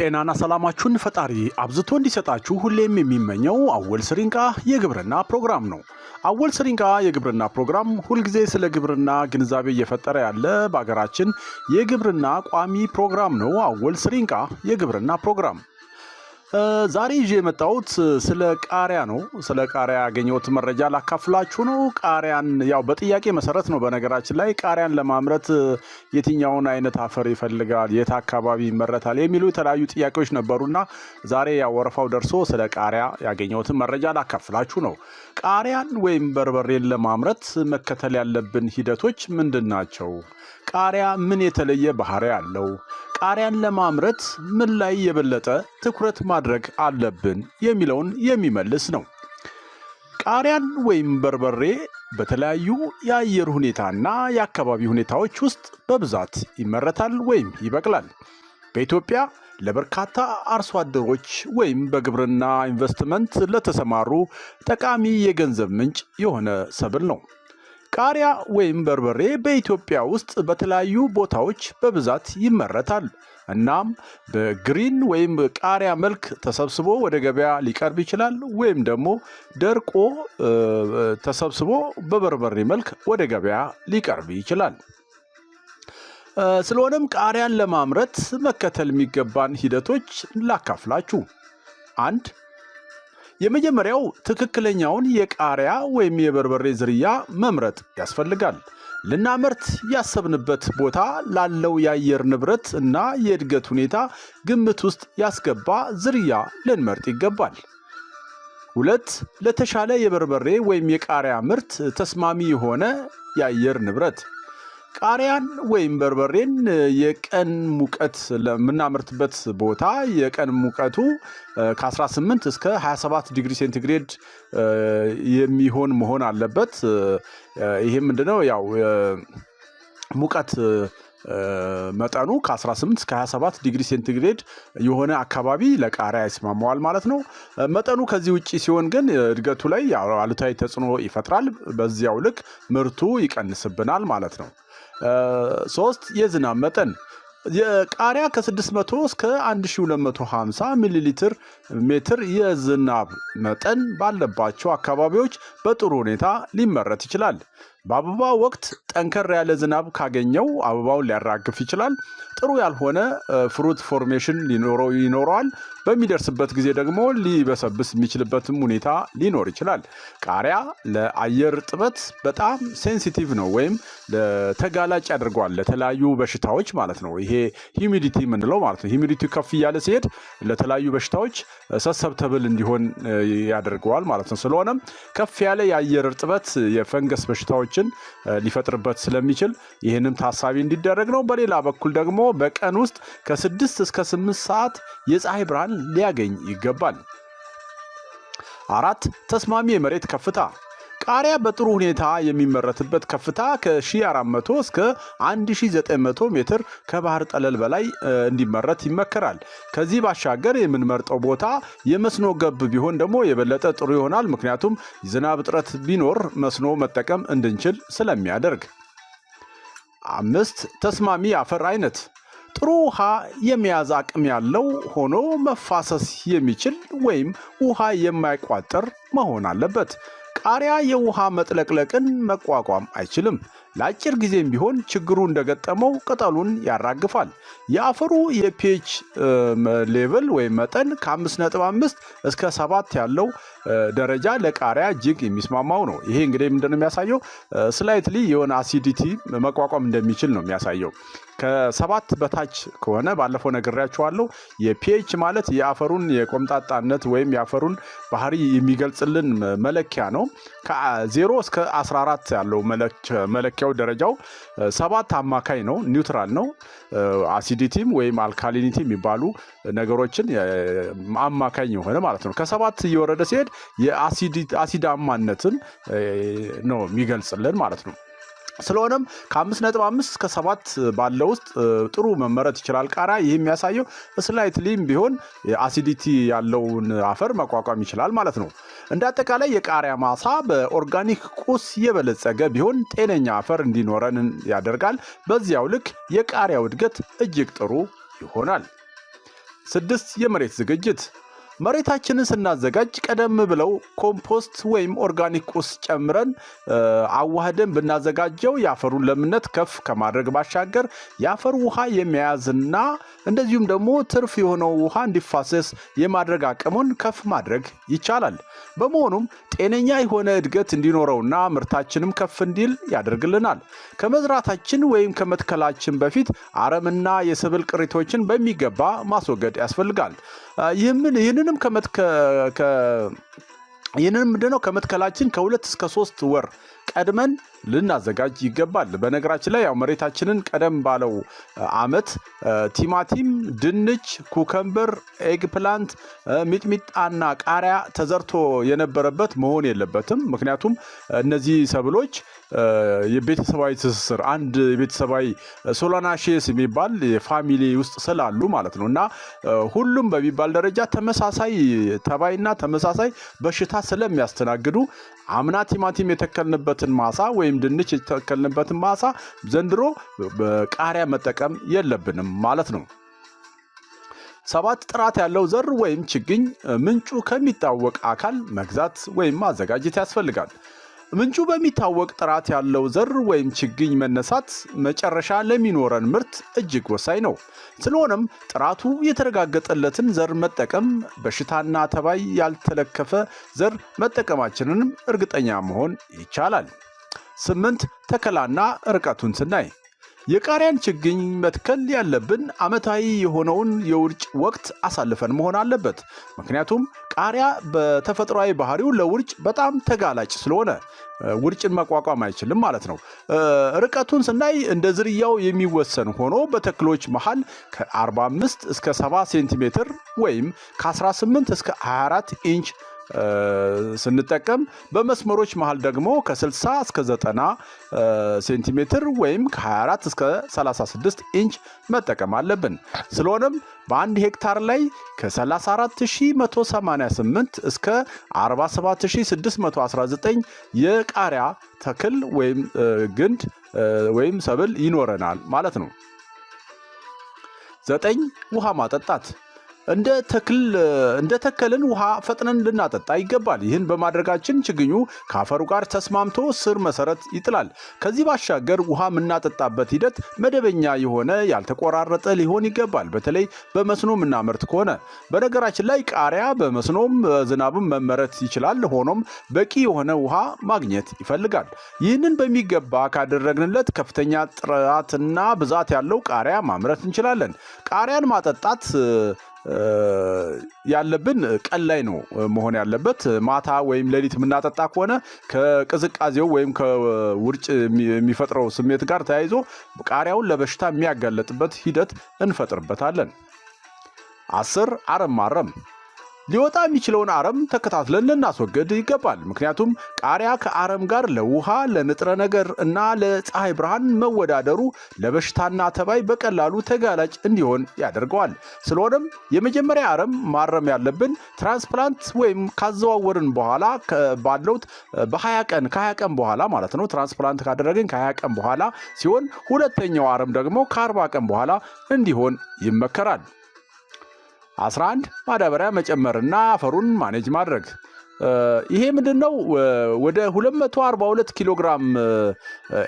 ጤናና ሰላማችሁን ፈጣሪ አብዝቶ እንዲሰጣችሁ ሁሌም የሚመኘው አወል ስሪንቃ የግብርና ፕሮግራም ነው። አወል ስሪንቃ የግብርና ፕሮግራም ሁልጊዜ ስለ ግብርና ግንዛቤ እየፈጠረ ያለ በሀገራችን የግብርና ቋሚ ፕሮግራም ነው። አወል ስሪንቃ የግብርና ፕሮግራም ዛሬ ይዤ የመጣሁት ስለ ቃሪያ ነው። ስለ ቃሪያ ያገኘሁት መረጃ ላካፍላችሁ ነው። ቃሪያን ያው በጥያቄ መሰረት ነው። በነገራችን ላይ ቃሪያን ለማምረት የትኛውን አይነት አፈር ይፈልጋል፣ የት አካባቢ ይመረታል የሚሉ የተለያዩ ጥያቄዎች ነበሩና ዛሬ ያው ወረፋው ደርሶ ስለ ቃሪያ ያገኘሁትን መረጃ ላካፍላችሁ ነው። ቃሪያን ወይም በርበሬን ለማምረት መከተል ያለብን ሂደቶች ምንድን ናቸው? ቃሪያ ምን የተለየ ባህሪ አለው? ቃሪያን ለማምረት ምን ላይ የበለጠ ትኩረት ማድረግ አለብን የሚለውን የሚመልስ ነው። ቃሪያን ወይም በርበሬ በተለያዩ የአየር ሁኔታና የአካባቢ ሁኔታዎች ውስጥ በብዛት ይመረታል ወይም ይበቅላል። በኢትዮጵያ ለበርካታ አርሶ አደሮች ወይም በግብርና ኢንቨስትመንት ለተሰማሩ ጠቃሚ የገንዘብ ምንጭ የሆነ ሰብል ነው። ቃሪያ ወይም በርበሬ በኢትዮጵያ ውስጥ በተለያዩ ቦታዎች በብዛት ይመረታል። እናም በግሪን ወይም ቃሪያ መልክ ተሰብስቦ ወደ ገበያ ሊቀርብ ይችላል። ወይም ደግሞ ደርቆ ተሰብስቦ በበርበሬ መልክ ወደ ገበያ ሊቀርብ ይችላል። ስለሆነም ቃሪያን ለማምረት መከተል የሚገባን ሂደቶች ላካፍላችሁ። አንድ የመጀመሪያው ትክክለኛውን የቃሪያ ወይም የበርበሬ ዝርያ መምረጥ ያስፈልጋል። ልናመርት ያሰብንበት ቦታ ላለው የአየር ንብረት እና የእድገት ሁኔታ ግምት ውስጥ ያስገባ ዝርያ ልንመርጥ ይገባል። ሁለት ለተሻለ የበርበሬ ወይም የቃሪያ ምርት ተስማሚ የሆነ የአየር ንብረት ቃሪያን ወይም በርበሬን የቀን ሙቀት ለምናመርትበት ቦታ የቀን ሙቀቱ ከ18 እስከ 27 ዲግሪ ሴንቲግሬድ የሚሆን መሆን አለበት። ይሄ ምንድነው ያው ሙቀት መጠኑ ከ18 እስከ 27 ዲግሪ ሴንቲግሬድ የሆነ አካባቢ ለቃሪያ ይስማማዋል ማለት ነው። መጠኑ ከዚህ ውጭ ሲሆን ግን እድገቱ ላይ አሉታዊ ተጽዕኖ ይፈጥራል። በዚያው ልክ ምርቱ ይቀንስብናል ማለት ነው። ሶስት የዝናብ መጠን የቃሪያ ከ600 እስከ 1250 ሚሊ ሊትር ሜትር የዝናብ መጠን ባለባቸው አካባቢዎች በጥሩ ሁኔታ ሊመረት ይችላል። በአበባ ወቅት ጠንከር ያለ ዝናብ ካገኘው አበባውን ሊያራግፍ ይችላል። ጥሩ ያልሆነ ፍሩት ፎርሜሽን ይኖረዋል። በሚደርስበት ጊዜ ደግሞ ሊበሰብስ የሚችልበትም ሁኔታ ሊኖር ይችላል። ቃሪያ ለአየር እርጥበት በጣም ሴንሲቲቭ ነው፣ ወይም ተጋላጭ ያደርገዋል ለተለያዩ በሽታዎች ማለት ነው። ይሄ ሂሚዲቲ የምንለው ማለት ነው። ሂሚዲቲ ከፍ እያለ ሲሄድ ለተለያዩ በሽታዎች ሰሰብተብል እንዲሆን ያደርገዋል ማለት ነው። ስለሆነም ከፍ ያለ የአየር እርጥበት የፈንገስ በሽታዎች ችግሮችን ሊፈጥርበት ስለሚችል ይህንም ታሳቢ እንዲደረግ ነው። በሌላ በኩል ደግሞ በቀን ውስጥ ከስድስት እስከ ስምንት ሰዓት የፀሐይ ብርሃን ሊያገኝ ይገባል። አራት ተስማሚ የመሬት ከፍታ ቃሪያ በጥሩ ሁኔታ የሚመረትበት ከፍታ ከ1400 እስከ 1900 ሜትር ከባህር ጠለል በላይ እንዲመረት ይመከራል። ከዚህ ባሻገር የምንመርጠው ቦታ የመስኖ ገብ ቢሆን ደግሞ የበለጠ ጥሩ ይሆናል። ምክንያቱም ዝናብ እጥረት ቢኖር መስኖ መጠቀም እንድንችል ስለሚያደርግ። አምስት ተስማሚ አፈር አይነት ጥሩ ውሃ የመያዝ አቅም ያለው ሆኖ መፋሰስ የሚችል ወይም ውሃ የማይቋጠር መሆን አለበት። ቃሪያ የውሃ መጥለቅለቅን መቋቋም አይችልም። ለአጭር ጊዜም ቢሆን ችግሩ እንደገጠመው ቅጠሉን ያራግፋል። የአፈሩ የፒኤች ሌቭል ወይም መጠን ከ5.5 እስከ 7 ያለው ደረጃ ለቃሪያ እጅግ የሚስማማው ነው። ይሄ እንግዲህ ምንድነው የሚያሳየው? ስላይትሊ የሆነ አሲዲቲ መቋቋም እንደሚችል ነው የሚያሳየው። ከሰባት በታች ከሆነ ባለፈው ነግሬያችኋለሁ። የፒኤች ማለት የአፈሩን የቆምጣጣነት ወይም የአፈሩን ባህሪ የሚገልጽልን መለኪያ ነው። ከዜሮ እስከ 14 ያለው መለኪያ መለኪያው ደረጃው ሰባት አማካኝ ነው። ኒውትራል ነው። አሲዲቲም ወይም አልካሊኒቲ የሚባሉ ነገሮችን አማካኝ የሆነ ማለት ነው። ከሰባት እየወረደ ሲሄድ የአሲዳማነትን ነው የሚገልጽልን ማለት ነው። ስለሆነም ከአምስት ነጥብ አምስት እስከ ሰባት ባለው ውስጥ ጥሩ መመረት ይችላል ቃሪያ። ይህ የሚያሳየው ስላይትሊም ቢሆን አሲዲቲ ያለውን አፈር መቋቋም ይችላል ማለት ነው። እንደ አጠቃላይ የቃሪያ ማሳ በኦርጋኒክ ቁስ የበለጸገ ቢሆን ጤነኛ አፈር እንዲኖረን ያደርጋል። በዚያው ልክ የቃሪያው እድገት እጅግ ጥሩ ይሆናል። ስድስት የመሬት ዝግጅት መሬታችንን ስናዘጋጅ ቀደም ብለው ኮምፖስት ወይም ኦርጋኒክ ቁስ ጨምረን አዋህደን ብናዘጋጀው የአፈሩን ለምነት ከፍ ከማድረግ ባሻገር የአፈር ውሃ የሚያያዝና እንደዚሁም ደግሞ ትርፍ የሆነው ውሃ እንዲፋሰስ የማድረግ አቅሙን ከፍ ማድረግ ይቻላል። በመሆኑም ጤነኛ የሆነ እድገት እንዲኖረውና ምርታችንም ከፍ እንዲል ያደርግልናል። ከመዝራታችን ወይም ከመትከላችን በፊት አረምና የሰብል ቅሪቶችን በሚገባ ማስወገድ ያስፈልጋል። ይህንንም ይህንንም ምንድነው ከመትከላችን ከሁለት እስከ ሶስት ወር ቀድመን ልናዘጋጅ ይገባል። በነገራችን ላይ ያው መሬታችንን ቀደም ባለው አመት ቲማቲም፣ ድንች፣ ኩከምበር፣ ኤግፕላንት፣ ሚጥሚጣና ቃሪያ ተዘርቶ የነበረበት መሆን የለበትም። ምክንያቱም እነዚህ ሰብሎች የቤተሰባዊ ትስስር አንድ የቤተሰባዊ ሶላናሼስ የሚባል የፋሚሊ ውስጥ ስላሉ ማለት ነው እና ሁሉም በሚባል ደረጃ ተመሳሳይ ተባይና ተመሳሳይ በሽታ ስለሚያስተናግዱ አምና ቲማቲም የተከልንበት ያለበትን ማሳ ወይም ድንች የተከልንበትን ማሳ ዘንድሮ በቃሪያ መጠቀም የለብንም ማለት ነው። ሰባት ጥራት ያለው ዘር ወይም ችግኝ ምንጩ ከሚታወቅ አካል መግዛት ወይም ማዘጋጀት ያስፈልጋል። ምንጩ በሚታወቅ ጥራት ያለው ዘር ወይም ችግኝ መነሳት መጨረሻ ለሚኖረን ምርት እጅግ ወሳኝ ነው። ስለሆነም ጥራቱ የተረጋገጠለትን ዘር መጠቀም፣ በሽታና ተባይ ያልተለከፈ ዘር መጠቀማችንንም እርግጠኛ መሆን ይቻላል። ስምንት ተከላና ርቀቱን ስናይ የቃሪያን ችግኝ መትከል ያለብን ዓመታዊ የሆነውን የውርጭ ወቅት አሳልፈን መሆን አለበት። ምክንያቱም ቃሪያ በተፈጥሯዊ ባህሪው ለውርጭ በጣም ተጋላጭ ስለሆነ ውርጭን መቋቋም አይችልም ማለት ነው። ርቀቱን ስናይ እንደ ዝርያው የሚወሰን ሆኖ በተክሎች መሃል ከ45 እስከ 70 ሴንቲሜትር ወይም ከ18 እስከ 24 ኢንች ስንጠቀም በመስመሮች መሃል ደግሞ ከ60 እስከ 90 ሴንቲሜትር ወይም ከ24 እስከ 36 ኢንች መጠቀም አለብን። ስለሆነም በአንድ ሄክታር ላይ ከ34188 እስከ 47619 የቃሪያ ተክል ወይም ግንድ ወይም ሰብል ይኖረናል ማለት ነው። ዘጠኝ ውሃ ማጠጣት እንደ ተከልን ውሃ ፈጥነን ልናጠጣ ይገባል። ይህን በማድረጋችን ችግኙ ከአፈሩ ጋር ተስማምቶ ስር መሰረት ይጥላል። ከዚህ ባሻገር ውሃ የምናጠጣበት ሂደት መደበኛ የሆነ ያልተቆራረጠ ሊሆን ይገባል። በተለይ በመስኖ የምናመርት ከሆነ በነገራችን ላይ ቃሪያ በመስኖም ዝናብም መመረት ይችላል። ሆኖም በቂ የሆነ ውሃ ማግኘት ይፈልጋል። ይህንን በሚገባ ካደረግንለት ከፍተኛ ጥራትና ብዛት ያለው ቃሪያ ማምረት እንችላለን። ቃሪያን ማጠጣት ያለብን ቀን ላይ ነው መሆን ያለበት። ማታ ወይም ሌሊት የምናጠጣ ከሆነ ከቅዝቃዜው ወይም ከውርጭ የሚፈጥረው ስሜት ጋር ተያይዞ ቃሪያውን ለበሽታ የሚያጋለጥበት ሂደት እንፈጥርበታለን። አስር አረም ማረም ሊወጣ የሚችለውን አረም ተከታትለን ልናስወግድ ይገባል። ምክንያቱም ቃሪያ ከአረም ጋር ለውሃ፣ ለንጥረ ነገር እና ለፀሐይ ብርሃን መወዳደሩ ለበሽታና ተባይ በቀላሉ ተጋላጭ እንዲሆን ያደርገዋል። ስለሆነም የመጀመሪያ አረም ማረም ያለብን ትራንስፕላንት ወይም ካዘዋወርን በኋላ ባለው በሀያ ቀን ከሀያ ቀን በኋላ ማለት ነው ትራንስፕላንት ካደረግን ከ ቀን በኋላ ሲሆን ሁለተኛው አረም ደግሞ ከ ቀን በኋላ እንዲሆን ይመከራል። 11 ማዳበሪያ መጨመርና አፈሩን ማኔጅ ማድረግ ይሄ ምንድን ነው? ወደ 242 ኪሎ ግራም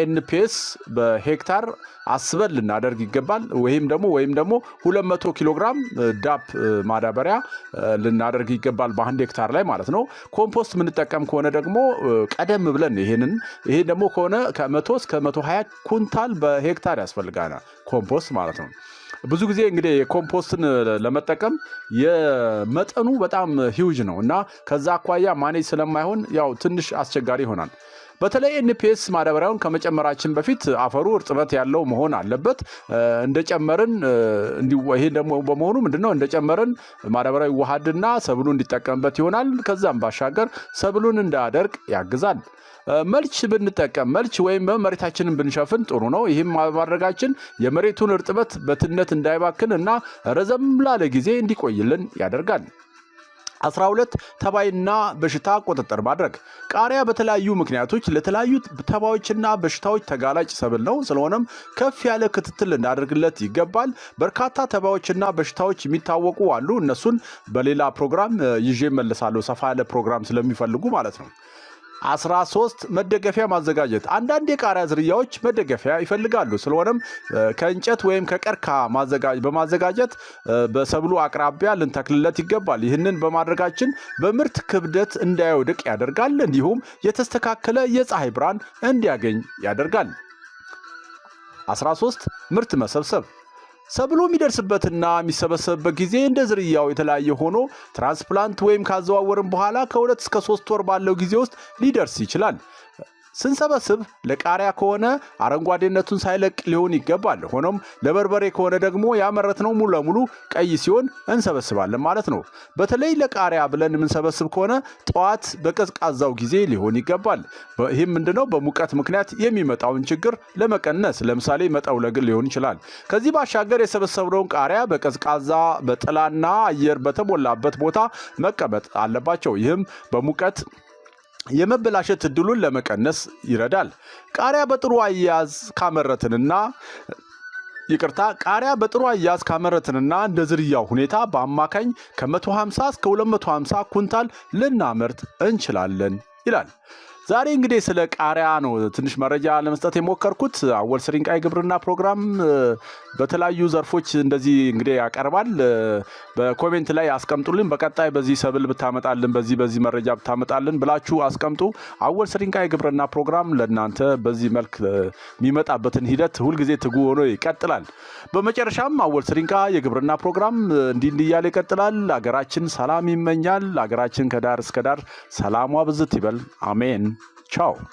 ኤንፒኤስ በሄክታር አስበን ልናደርግ ይገባል። ወይም ደግሞ ወይም ደግሞ 200 ኪሎ ግራም ዳፕ ማዳበሪያ ልናደርግ ይገባል በአንድ ሄክታር ላይ ማለት ነው። ኮምፖስት የምንጠቀም ከሆነ ደግሞ ቀደም ብለን ይሄንን ይሄ ደግሞ ከሆነ ከ100 እስከ 120 ኩንታል በሄክታር ያስፈልጋና ኮምፖስት ማለት ነው። ብዙ ጊዜ እንግዲህ ኮምፖስትን ለመጠቀም የመጠኑ በጣም ሂውጅ ነው እና ከዛ አኳያ ማኔጅ ስለማይሆን ያው ትንሽ አስቸጋሪ ይሆናል። በተለይ ኤንፒኤስ ማዳበሪያውን ከመጨመራችን በፊት አፈሩ እርጥበት ያለው መሆን አለበት። እንደጨመርን ይሄ ደግሞ በመሆኑ ምንድነው እንደጨመርን ማዳበሪያው ይዋሃድና ሰብሉ እንዲጠቀምበት ይሆናል። ከዛም ባሻገር ሰብሉን እንዳያደርቅ ያግዛል። መልች ብንጠቀም መልች ወይም መሬታችንን ብንሸፍን ጥሩ ነው። ይህም ማድረጋችን የመሬቱን እርጥበት በትነት እንዳይባክን እና ረዘም ላለ ጊዜ እንዲቆይልን ያደርጋል። 12 ተባይና በሽታ ቁጥጥር ማድረግ ቃሪያ በተለያዩ ምክንያቶች ለተለያዩ ተባዮችና በሽታዎች ተጋላጭ ሰብል ነው። ስለሆነም ከፍ ያለ ክትትል ልናደርግለት ይገባል። በርካታ ተባዮችና በሽታዎች የሚታወቁ አሉ። እነሱን በሌላ ፕሮግራም ይዤ መለሳለሁ። ሰፋ ያለ ፕሮግራም ስለሚፈልጉ ማለት ነው። 13 መደገፊያ ማዘጋጀት። አንዳንድ የቃሪያ ዝርያዎች መደገፊያ ይፈልጋሉ። ስለሆነም ከእንጨት ወይም ከቀርከሃ በማዘጋጀት በሰብሉ አቅራቢያ ልንተክልለት ይገባል። ይህንን በማድረጋችን በምርት ክብደት እንዳይወድቅ ያደርጋል። እንዲሁም የተስተካከለ የፀሐይ ብርሃን እንዲያገኝ ያደርጋል። 13 ምርት መሰብሰብ ሰብሎ የሚደርስበትና የሚሰበሰብበት ጊዜ እንደ ዝርያው የተለያየ ሆኖ ትራንስፕላንት ወይም ካዘዋወርን በኋላ ከሁለት እስከ ሶስት ወር ባለው ጊዜ ውስጥ ሊደርስ ይችላል። ስንሰበስብ ለቃሪያ ከሆነ አረንጓዴነቱን ሳይለቅ ሊሆን ይገባል። ሆኖም ለበርበሬ ከሆነ ደግሞ ያመረትነው ሙሉ ለሙሉ ቀይ ሲሆን እንሰበስባለን ማለት ነው። በተለይ ለቃሪያ ብለን የምንሰበስብ ከሆነ ጠዋት በቀዝቃዛው ጊዜ ሊሆን ይገባል። ይህም ምንድነው በሙቀት ምክንያት የሚመጣውን ችግር ለመቀነስ ለምሳሌ መጠውለግ ሊሆን ይችላል። ከዚህ ባሻገር የሰበሰብነውን ቃሪያ በቀዝቃዛ በጥላና አየር በተሞላበት ቦታ መቀመጥ አለባቸው። ይህም በሙቀት የመበላሸት እድሉን ለመቀነስ ይረዳል። ቃሪያ በጥሩ አያያዝ ካመረትንና ይቅርታ ቃሪያ በጥሩ አያያዝ ካመረትንና እንደ ዝርያው ሁኔታ በአማካኝ ከ150 እስከ 250 ኩንታል ልናመርት እንችላለን ይላል። ዛሬ እንግዲህ ስለ ቃሪያ ነው ትንሽ መረጃ ለመስጠት የሞከርኩት። አወል ስሪንቃ የግብርና ፕሮግራም በተለያዩ ዘርፎች እንደዚህ እንግዲህ ያቀርባል። በኮሜንት ላይ አስቀምጡልን። በቀጣይ በዚህ ሰብል ብታመጣልን፣ በዚህ በዚህ መረጃ ብታመጣልን ብላችሁ አስቀምጡ። አወል ስሪንቃ የግብርና ፕሮግራም ለእናንተ በዚህ መልክ የሚመጣበትን ሂደት ሁልጊዜ ትጉ ሆኖ ይቀጥላል። በመጨረሻም አወል ስሪንቃ የግብርና ፕሮግራም እንዲህ እንዲህ እያለ ይቀጥላል። አገራችን ሰላም ይመኛል። አገራችን ከዳር እስከ ዳር ሰላሟ ብዝት ይበል። አሜን። Tchau!